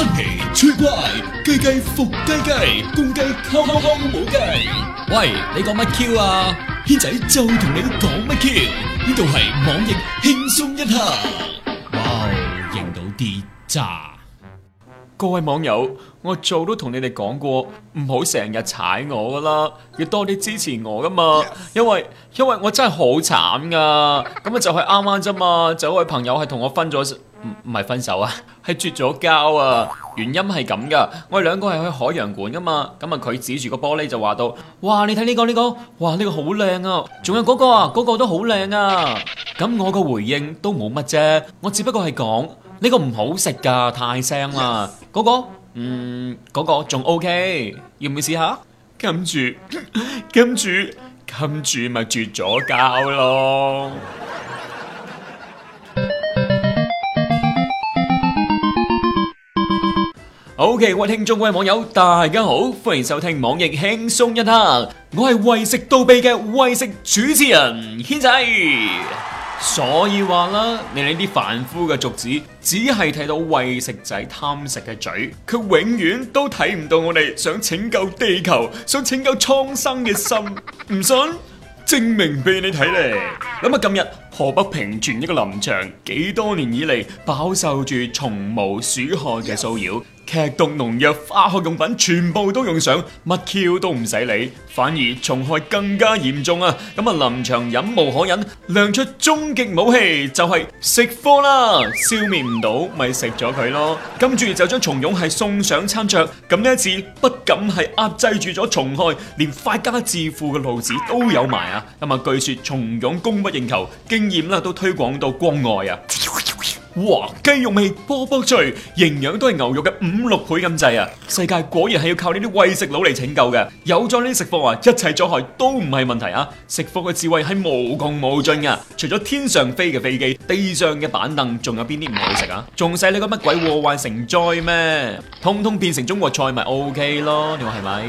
真奇出怪，雞雞伏雞雞，公雞扣扣扣冇雞。雞喂，你講乜 Q 啊？軒仔就同你講乜 Q？呢度係網易輕鬆一刻。哇哦，認到啲咋。各位網友，我早都同你哋講過，唔好成日踩我噶啦，要多啲支持我噶嘛。因為因為我真係好慘噶，咁啊就係啱啱啫嘛，就有位朋友係同我分咗，唔唔係分手啊。係絕咗膠啊！原因係咁噶，我哋兩個係去海洋館噶嘛，咁啊佢指住個玻璃就話到：，哇，你睇呢個，呢個，哇呢個好靚啊，仲有嗰個啊，嗰個都好靚啊。咁我個回應都冇乜啫，我只不過係講呢個唔好食噶，太腥啦。嗰個，嗯，嗰個仲 O K，要唔要試下？跟住，跟住，跟住咪絕咗膠咯。好嘅，各位、okay，聽眾、各位網友，大家好，歡迎收聽網易輕鬆一刻，我係為食到痹嘅為食主持人軒仔。所以話啦，你呢啲凡夫嘅俗子，只係睇到為食仔貪食嘅嘴，佢永遠都睇唔到我哋想拯救地球、想拯救蒼生嘅心。唔信，證明俾你睇嚟。諗下 今日河北平泉一個林場，幾多年以嚟飽受住蟲毛鼠害嘅騷擾。Yes. 劇毒農藥、化學用品全部都用上，乜 Q 都唔使理，反而蟲害更加嚴重啊！咁啊，臨場忍無可忍，亮出終極武器就係食貨啦！消滅唔到咪食咗佢咯！跟住就將蟲蛹係送上餐桌，咁呢一次不僅係壓制住咗蟲害，連發家致富嘅路子都有埋啊！咁啊，據說蟲蛹供不應求，經驗啦都推廣到國外啊！哇，雞肉味波波脆，營養都係牛肉嘅五六倍咁滯啊！世界果然係要靠呢啲餵食佬嚟拯救嘅，有咗呢啲食貨啊，一切阻害都唔係問題啊！食貨嘅智慧係無窮無盡㗎，除咗天上飛嘅飛機，地上嘅板凳，仲有邊啲唔好食啊？仲使你個乜鬼禍患成災咩？通通變成中國菜咪 O K 咯，你話係咪？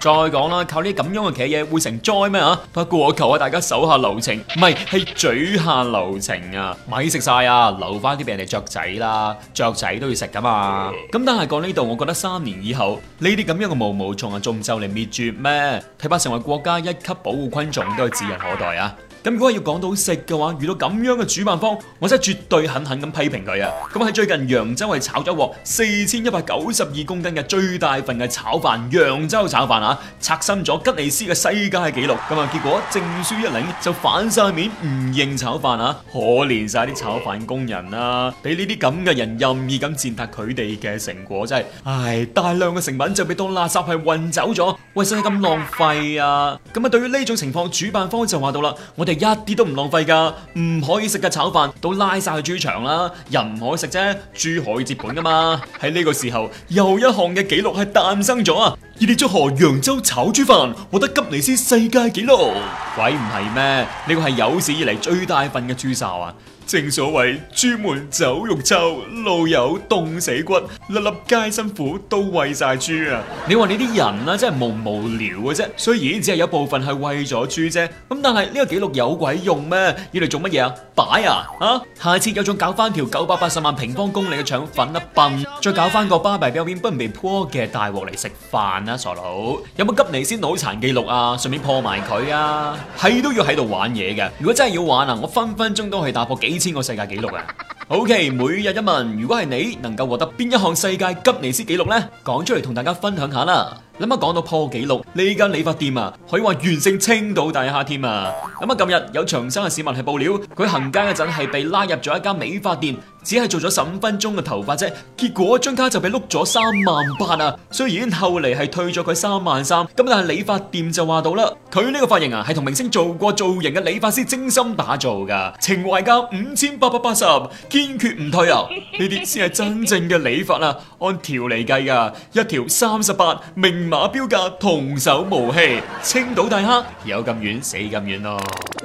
再講啦，靠呢啲咁樣嘅企嘢會成災咩啊？不過我求下大家手下留情，唔係係嘴下留情啊！咪食晒啊，留翻啲俾人哋雀仔啦，雀仔都要食噶嘛。咁但係講呢度，我覺得三年以後呢啲咁樣嘅毛毛蟲啊，仲唔就嚟滅絕咩？睇怕成為國家一級保護昆蟲都係指日可待啊！咁如果要講到食嘅話，遇到咁樣嘅主辦方，我真係絕對狠狠咁批評佢啊！咁、嗯、喺最近揚州係炒咗鑊四千一百九十二公斤嘅最大份嘅炒飯，揚州炒飯啊，刷新咗吉尼斯嘅世界紀錄。咁、嗯、啊，結果證書一領就反晒面唔認炒飯啊！可憐晒啲炒飯工人啊，俾呢啲咁嘅人任意咁踐踏佢哋嘅成果，真係唉！大量嘅成品就被當垃圾係運走咗，喂使係咁浪費啊？咁、嗯、啊、嗯嗯嗯，對於呢種情況，主辦方就話到啦，我哋。一啲都唔浪費噶，唔可以食嘅炒飯都拉晒去豬場啦，人唔可以食啫，豬可以接本噶嘛。喺呢個時候，又一項嘅紀錄係誕生咗啊！熱烈祝賀揚州炒豬飯獲得吉尼斯世界紀錄，鬼唔係咩？呢個係有史以嚟最大份嘅豬哨啊！正所謂朱門酒肉臭，路有凍死骨，粒粒皆辛苦，都餵晒豬啊！你話你啲人啊，真係無無聊嘅、啊、啫。雖然只係有部分係餵咗豬啫、啊，咁但係呢個記錄有鬼用咩、啊？要嚟做乜嘢啊？擺啊！嚇、啊，下次有種搞翻條九百八十萬平方公里嘅腸粉啦，笨！再搞翻個巴閉邊邊不唔被破嘅大鑊嚟食飯啊。傻佬！有冇急你先腦殘記錄啊？順便破埋佢啊！係都要喺度玩嘢嘅。如果真係要玩啊，我分分鐘都係打破幾。千個世界紀錄啊！OK，每日一問，如果係你能夠獲得邊一項世界吉尼斯紀錄呢？講出嚟同大家分享下啦。諗下講到破紀錄，呢間理髮店啊，佢話完勝青島大廈添啊。咁、嗯、啊，近日有長生嘅市民係報料，佢行街嗰陣係被拉入咗一間美髮店。只係做咗十五分鐘嘅頭髮啫，結果張卡就被碌咗三萬八啊！雖然後嚟係退咗佢三萬三，咁但係理髮店就話到啦，佢呢個髮型啊係同明星做過造型嘅理髮師精心打造噶，情懷價五千八百八十，堅決唔退啊！呢啲先係真正嘅理髮啊，按條嚟計噶，一條三十八，明碼標價，童叟無欺，青島大蝦有咁遠死咁遠咯。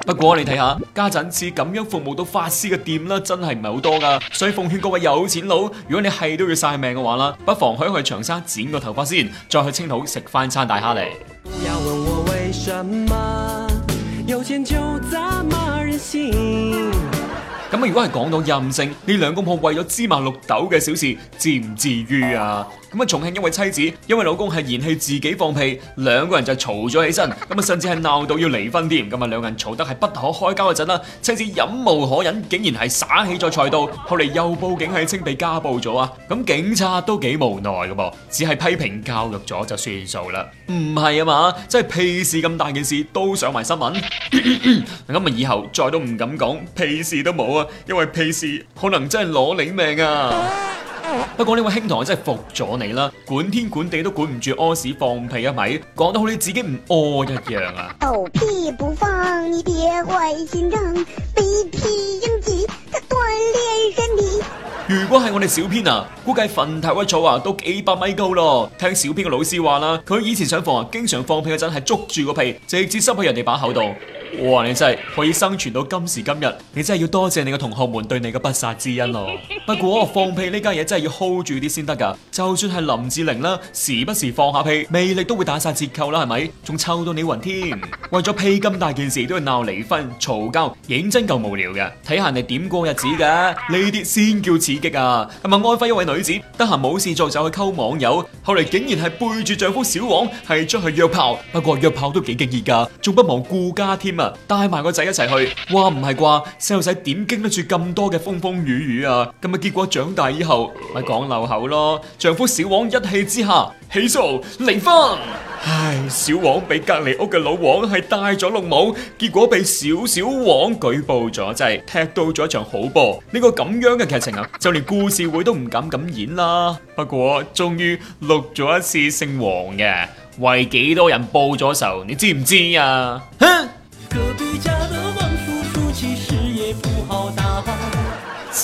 不過你睇下，家陣似咁樣服務到法師嘅店啦，真係唔係好多噶，所以奉勸各位有錢佬，如果你係都要晒命嘅話啦，不妨去去長沙剪個頭髮先，再去青島食翻餐大蝦嚟。唔要問我為什麼，有錢就咁任性。咁啊！如果係講到任性，呢兩公婆為咗芝麻綠豆嘅小事，至唔至於啊？咁啊，重慶一位妻子因為老公係嫌棄自己放屁，兩個人就嘈咗起身，咁啊，甚至係鬧到要離婚添。咁啊，兩人嘈得係不可開交嗰陣啦，妻子忍無可忍，竟然係耍起咗菜刀，後嚟又報警，係稱被家暴咗啊！咁警察都幾無奈㗎噃，只係批評教育咗就算數啦。唔係啊嘛，真係屁事咁大件事都上埋新聞，咁 啊以後再都唔敢講屁事都冇。因為屁事，可能真係攞你命啊！啊啊不過呢位兄台我真係服咗你啦，管天管地都管唔住屙屎放屁啊咪，講得好似自己唔屙一樣啊！頭屁不放，你佢如果係我哋小編啊，估計墳頭嘅草啊都幾百米高咯。聽小編嘅老師話啦，佢以前上課啊，經常放屁嘅陣係捉住個屁，直接塞去人哋把口度。哇！你真係可以生存到今時今日，你真係要多謝你嘅同學們對你嘅不殺之恩咯。 不過放屁呢家嘢真係要 hold 住啲先得噶。就算係林志玲啦，時不時放下屁，魅力都會打晒折扣啦，係咪？仲臭到你暈添。 為咗屁咁大件事都要鬧離婚、嘈交，認真夠無聊嘅。睇下你點過日子噶，呢啲先叫刺激啊！係咪安徽一位女子，得閒冇事做就走去溝網友，後嚟竟然係背住丈夫小王係出去約炮。不過約炮都幾勁熱噶，仲不忘顧家添。帶埋個仔一齊去，哇，唔係啩？細路仔點經得住咁多嘅風風雨雨啊！咁咪結果長大以後咪講漏口咯。丈夫小王一氣之下起訴離婚。唉，小王被隔籬屋嘅老王係帶咗綠帽，結果被小小王舉報咗，即係踢到咗一場好波。呢個咁樣嘅劇情啊，就連故事會都唔敢咁演啦。不過終於錄咗一次姓王嘅，為幾多人報咗仇，你知唔知啊？哼！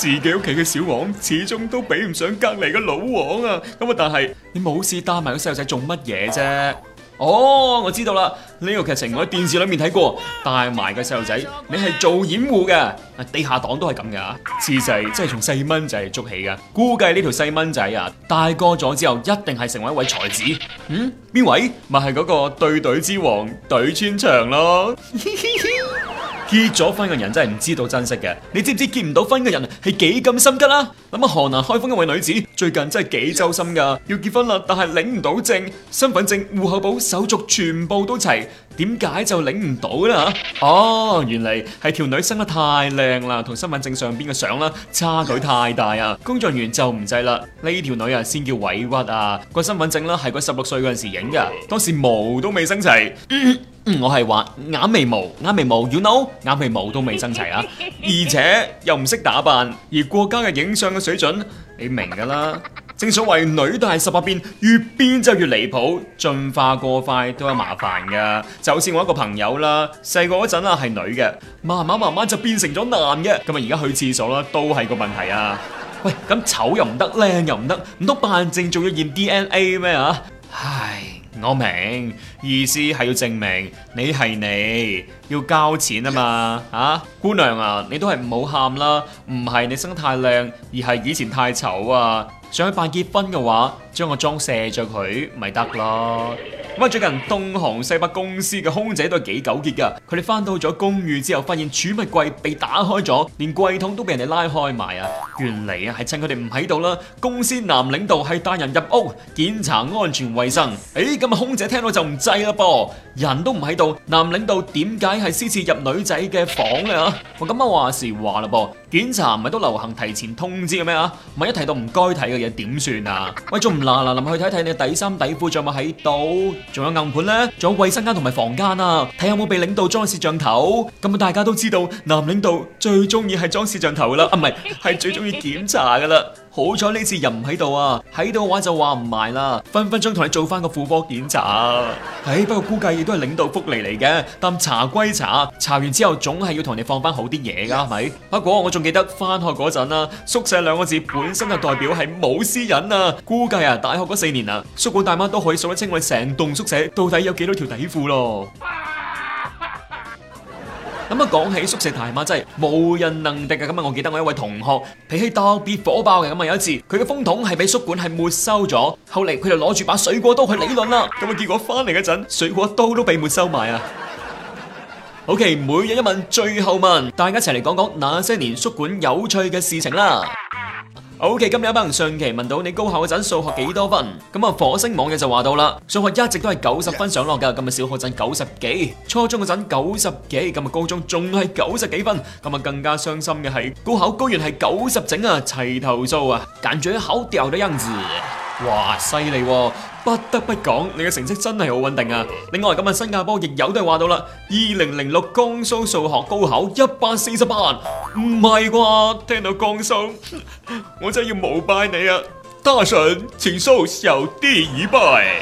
自己屋企嘅小王始終都比唔上隔籬嘅老王啊！咁啊，但係你冇事帶埋個細路仔做乜嘢啫？哦，我知道啦，呢、這個劇情我喺電視裏面睇過，帶埋個細路仔，你係做掩護嘅，地下黨都係咁嘅啊！智仔真係從細蚊仔捉起嘅，估計呢條細蚊仔啊，大個咗之後一定係成為一位才子。嗯，邊位？咪係嗰個對對之王對穿腸咯。 結咗婚嘅人真係唔知道珍惜嘅，你知唔知結唔到婚嘅人係幾咁心急啊？諗啊，河南開封一位女子最近真係幾揪心噶，要結婚啦，但係領唔到證，身份證、戶口簿手續全部都齊，點解就領唔到咧？哦，原嚟係條女生得太靚啦，同身份證上邊嘅相啦差距太大啊！工作人員就唔制啦，呢條女啊先叫委屈啊！個身份證啦係個十六歲嗰陣時影噶，當時毛都未生齊。嗯嗯，我係話眼眉毛、眼眉毛要扭，you know? 眼眉毛都未生齊啊！而且又唔識打扮，而國家嘅影相嘅水準，你明噶啦。正所謂女大十八變，越變就越離譜，進化過快都有麻煩噶。就好似我一個朋友啦，細個嗰陣啊係女嘅，慢慢慢慢就變成咗男嘅，咁啊而家去廁所啦都係個問題啊！喂，咁醜又唔得，靚又唔得，唔通扮正仲要驗 DNA 咩啊？唉。我明意思係要證明你係你要交錢嘛。Yes. 啊嘛，啊姑娘啊你都係唔好喊啦，唔係你生太靚而係以前太醜啊。想去辦結婚嘅話，將個妝卸咗佢咪得咯。咁最近東航西北公司嘅空姐都係幾糾結㗎。佢哋返到咗公寓之後，發現儲物櫃被打開咗，連櫃桶都俾人哋拉開埋啊！原嚟啊，係趁佢哋唔喺度啦。公司男領導係帶人入屋檢查安全衛生。誒、欸，咁啊，空姐聽到就唔制啦噃，人都唔喺度，男領導點解係私自入女仔嘅房呢？我咁啊，樣說實話時話啦噃。檢查唔係都流行提前通知嘅咩啊？萬一提到唔該睇嘅嘢點算啊？喂，仲唔嗱嗱臨去睇睇你嘅底衫底褲仲有冇喺度？仲有硬盤咧？仲有衞生間同埋房間啊？睇下有冇畀領導裝攝像頭？咁啊，大家都知道男領導最中意係裝攝像頭啦，啊，唔係係最中意檢查噶啦。好彩呢次人唔喺度啊，喺度嘅話就話唔埋啦，分分鐘同你做翻個婦科檢查。唉、哎，不過估計亦都係領導福利嚟嘅。但查歸查，查完之後總係要同你放翻好啲嘢噶，係咪？不過我仲記得翻學嗰陣啊，宿舍兩個字本身就代表係冇私隱啊。估計啊，大學嗰四年啊，宿管大媽都可以數得清我哋成棟宿舍到底有幾多條底褲咯。咁啊，講起宿舍大媽真係無人能敵啊！咁啊，我記得我一位同學脾氣特別火爆嘅，咁啊有一次佢嘅風筒係俾宿管係沒收咗，後嚟佢就攞住把水果刀去理論啦。咁啊，結果翻嚟嗰陣，水果刀都被沒收埋啊！OK，每日一問，最後問，大家一齊嚟講講那些年宿管有趣嘅事情啦。Ok，今日有班人上期問到你高考嗰陣數學幾多分？咁、嗯、啊，火星網友就話到啦，數學一直都係九十分上落㗎。今日 Yes. 小學陣九十幾，初中嗰陣九十幾，今日高中仲係九十幾分。今、嗯、日更加傷心嘅係，高考居然係九十整啊，齊頭數啊，簡直好屌的樣子。哇，犀利啊！不得不講，你嘅成績真係好穩定啊。另外，今日新加坡亦有都話到啦，二零零六江蘇數學高考一百四十八，唔係啩？聽到江蘇，我真係要膜拜你啊！大神，前蘇小啲一拜。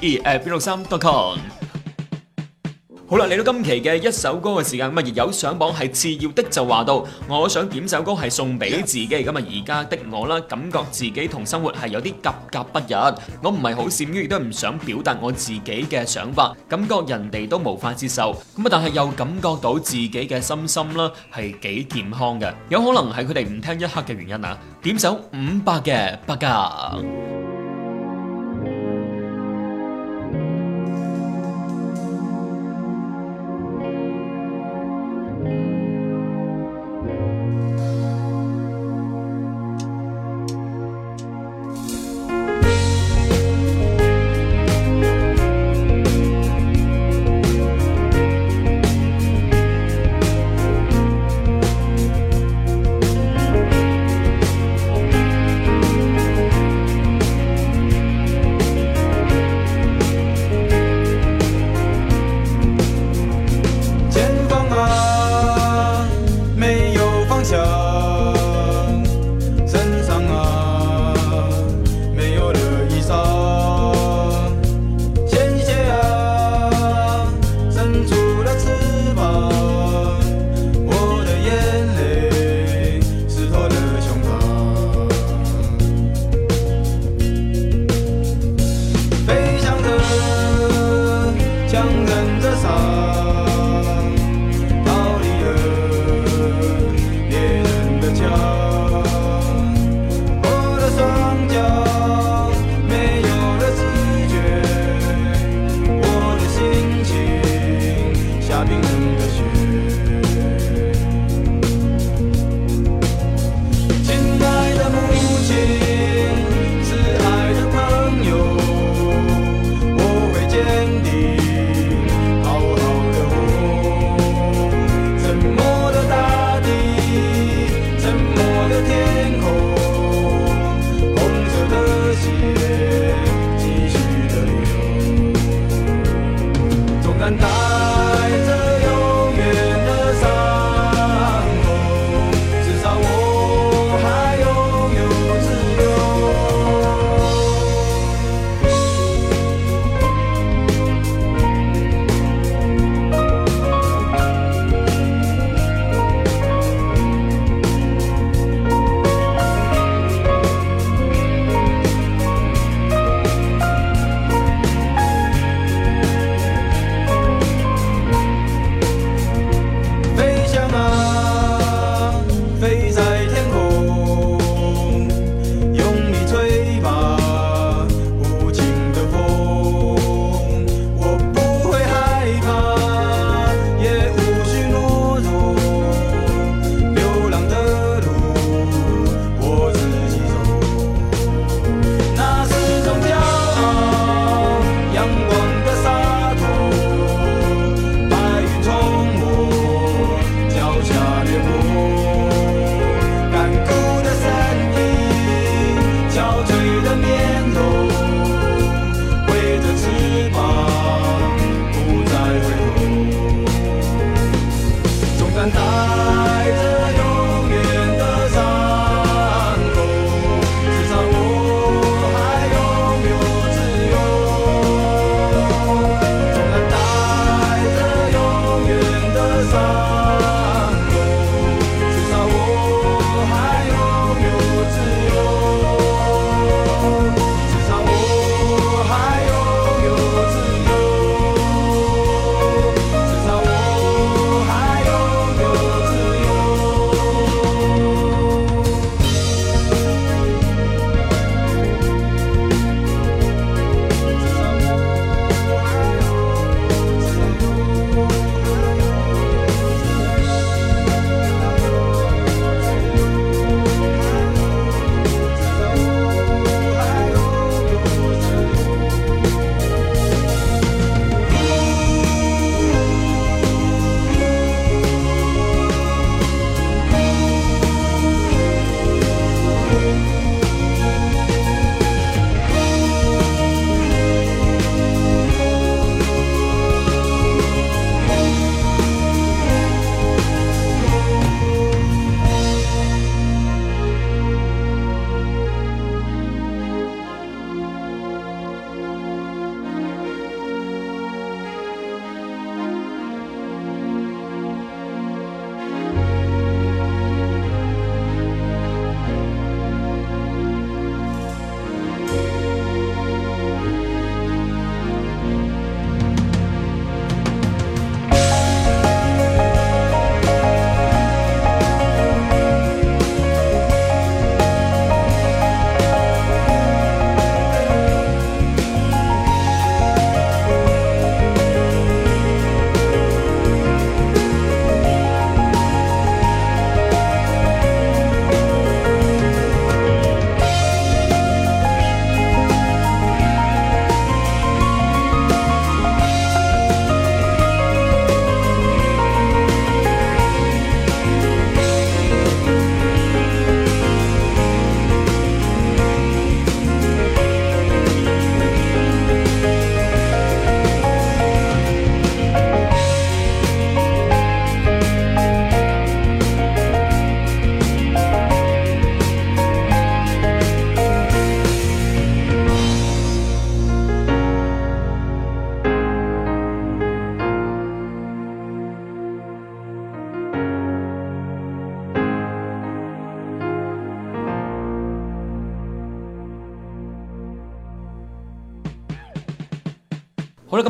二誒 B 六三 .com，好啦，嚟到今期嘅一首歌嘅時間，咁亦有上榜係次要的就話到，我想點首歌係送俾自己，咁啊而家的我啦，感覺自己同生活係有啲格格不入，我唔係好善於亦都唔想表達我自己嘅想法，感覺人哋都無法接受，咁啊但係又感覺到自己嘅心心啦係幾健康嘅，有可能係佢哋唔聽一刻嘅原因啊，點首五百嘅不夠。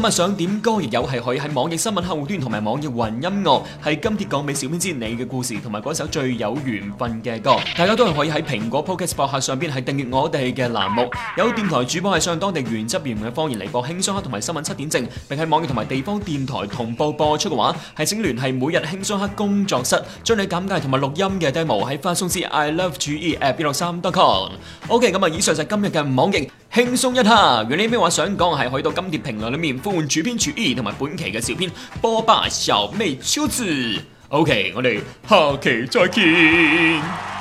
今日想點歌，亦有係可以喺網易新聞客戶端同埋網易雲音樂，係金鐵講俾小編知你嘅故事同埋嗰首最有緣分嘅歌。大家都係可以喺蘋果 Podcast 博客上邊係訂閱我哋嘅欄目。有電台主播係上當地原汁原味嘅方言嚟，播輕鬆一刻同埋新聞七點正，並喺網易同埋地方電台同步播出嘅話，係請聯繫每日輕鬆一刻工作室，將你簡介同埋錄音嘅 demo 喺發送至 I Love G E App.163.com。OK，咁啊，以上就係今日嘅網易輕鬆一刻。如果你有咩話想講，係可以到金鐵評論裏面。換主、嗯、編主義同埋本期嘅小編波霸、小妹秋子。OK，我哋下期再見。